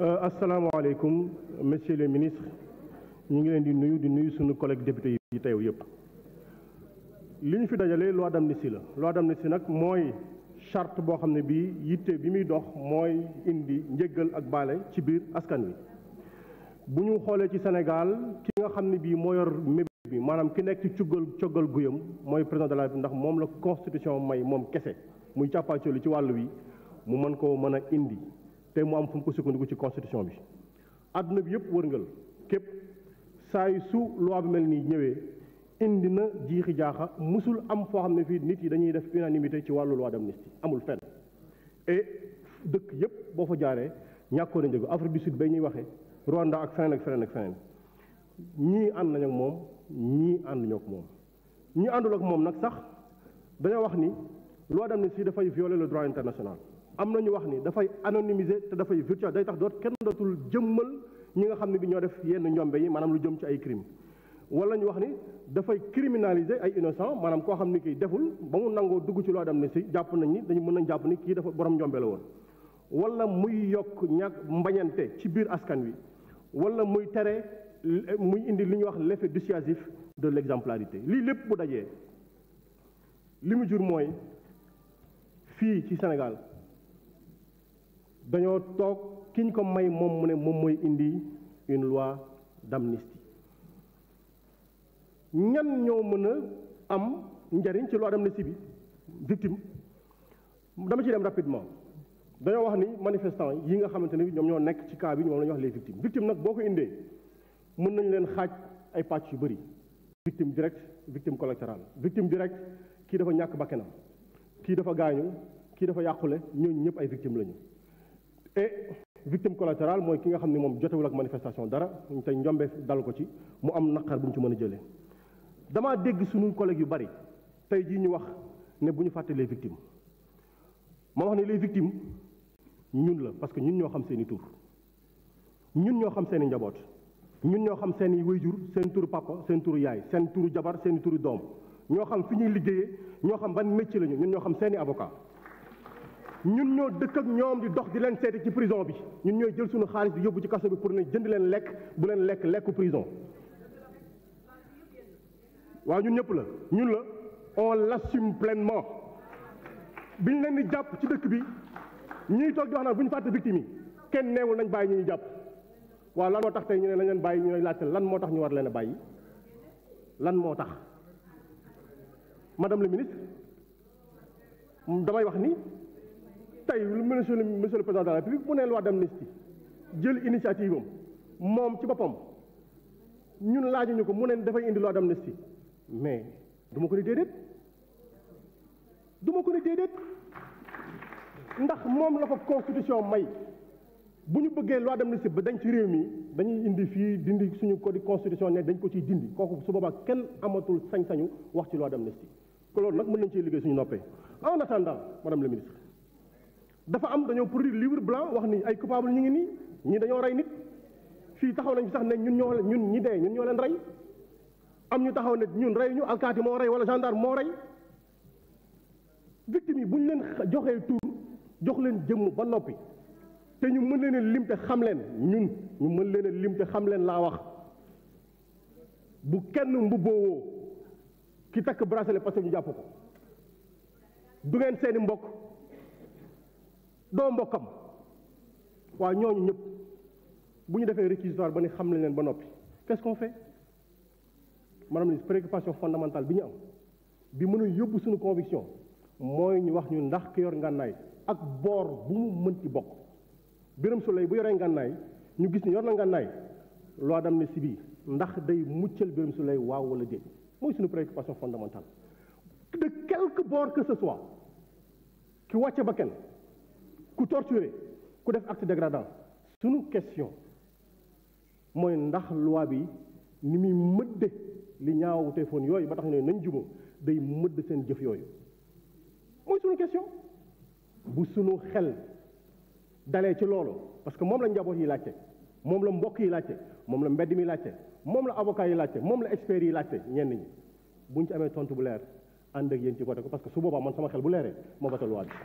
Euh, asalaamaaleykum monsieur les ministre ñu ngi leen di nuyu di nuyu suñu collègue député yi teew yëpp li ñu fi dajalee loi d'amnistie la loi d'amnistie nag mooy chart boo xam ne bii yitte bi muy dox mooy indi njëgal ak baale ci biir askan wi bu ñu xoolee ci Sénégal ki nga xam ne bii moo yor mébé bi maanaam ki nekk ci cuggal coggal guyam mooy président de la République ndax moom la constitution may moom kese muy càppaacoli ci wàll wi mu mën koo mën a indi te mu am fu mu ko sukkandiku ci constitution bi àdduna bi yëpp wërngal képp saa yu su loi mel nii ñëwee indi na jiixi jaaxa musul am foo xam ne fii nit yi dañuy def unanimité ci wàllu dem d'amnistie amul fenn et dëkk yëpp boo fa jaaree ñàkkoon a njëgu Afrique du Sud bay ñuy waxee Rwanda ak feneen ak feneen ñii ànd nañ ak moom ñii ànduñu ak moom ñi àndul ak moom nag sax dañoo wax ni dem loi d'amnistie dafay violer le droit international am na ñu wax ni dafay anonymiser te dafay virtuel day tax doot kenn dootul jëmmal ñi nga xam ne bi ñoo def yenn njombe yi maanaam lu jëm ci ay crime wala ñu wax ni dafay criminaliser ay innocent maanaam koo xam ni kiy deful ba mu nangoo dugg ci loi d'amnistie jàpp nañ ni dañu mën nañ jàpp ni kii dafa borom njombe la woon wala muy yokk ñàkk mbañante ci biir askan wi wala muy tere muy indi li ñuy wax l'effet dissuasif de l'exemplarité lii lépp bu dajee li mu jur mooy fii ci Sénégal dañoo toog ki ko may moom mu ne moom mooy indi une loi d'amnistie ñan ñoo mën a am njariñ ci loi d'amnistie bi victime dama ci dem rapidement dañoo wax ni manifestant yi nga xamante ni ñoom ñoo nekk ci cas bi ñoom la ñuy wax les victimes victime nag boo ko indee mën nañu leen xaaj ay pàcc yu bëri victime direct victime collatérale victime direct kii dafa ñàkk bakkanam kii dafa gaañu kii dafa yàqule ñooñu ñëpp ay victimes lañu et victime collatérale mooy ki nga xam ne moom jotewul ak manifestation dara tey njombe dal ko ci mu am naqar bu mu ci mën a jële damaa dégg suñu collègues yu bari tey jii ñu wax ne bu ñu fàtte les victimes ma wax ne les victimes ñun la parce que ñun ñoo xam seen i tur ñun ñoo xam seen i njaboot ñun ñoo xam seen i wayjur seen turu papa seen yaay seen turu jabar seeni i doom ñoo xam fi ñuy liggéeyee ñoo xam ban métier lañu ñun ñoo xam seeni avocat ñun ñoo dëkk ñoom di dox di leen seeti ci prison bi ñun ñooy jël suñu xaalis bi yóbbu ci kaso bi pour ne jënd leen lekk bu leen lekk lekku prison waaw ñun ñëpp la ñun la on l'assume pleinement biñ leen di jàpp ci dëkk bi ñuy toog di wax naan bu ñu fàtte victime yi kenn neewul nañ bàyyi ñu ñu jàpp waaw lan moo tax tey ñu ne nañ leen bàyyi ñu ne laajte lan moo tax ñu war leen a bàyyi lan moo tax madame la ministre damay wax ni tey monsieur le monsieur le président de la république mu ne dem d'amnistie jël initiative moom ci boppam ñun laajuñu ko mu ne dafay indi loi d'amnistie mais duma ko ni déedéet ko ni ndax moom la ko constitution may bu ñu bëggee loi d'amnistie ba dañ ci réew mi dañuy indi fii dindi suñu code constitution ne dañ ko ciy dindi kooku su boobaa kenn amatul sañ-sañu wax ci loi d'amnistie loolu nag mën nañ cee liggéey suñu noppee en attendant madame la ministre dafa am dañoo produire livre blanc wax ni ay coupable ñu ngi nii ñii dañoo rey nit fii taxaw nañ fi sax ne ñun ñoo ñun ñi dee ñun ñoo leen rey am ñu taxaw ne ñun rey ñu alkaati moo rey wala gendarme moo rey victime yi bu ñu leen joxee tur jox leen jëmm ba noppi te ñu mën leen a lim te xam leen ñun ñu mën leen a lim te xam leen laa wax bu kenn mbubboo ki takk bracelet parce que ñu jàpp ko du ngeen seeni mbokk doo mbokkam waaw ñooñu ñëpp bu ñu defee réquisitoire ba ni xam nañ leen ba noppi qu'est-ce qu'on fait madame la préoccupation fondamentale bi ñu am bi mën a yóbbu suñu conviction mooy ñu wax ñu ndax ki yor ngànnaay ak boor bu mu mënti bokk Birame Souleye bu yoree ngànnaay ñu gis ni yor na ngànnaay loi d'amnistie bi ndax day muccal Birame Souleye waaw wala déet mooy suñu préoccupation fondamentale de quelque boor que ce soit ki wàcce ba kenn ku torturé ku def acte dégradant suñu question mooy ndax loi bi ni muy mëdde li ñaaw téléphone yooyu ba tax ne nañ jubóo day mëdd seen jëf yooyu mooy suñu question bu suñu xel dalee ci loolu parce que moom la njaboot yi laajte moom la mbokk yi laajte moom la mbedd mi laajte moom la avocat yi laajte moom la experts yi laajte ñenn ñi buñ ci amee tontu bu leer ànd ak yéen ci voté ko parce que su boobaa man sama xel bu leeree ma voté loi bi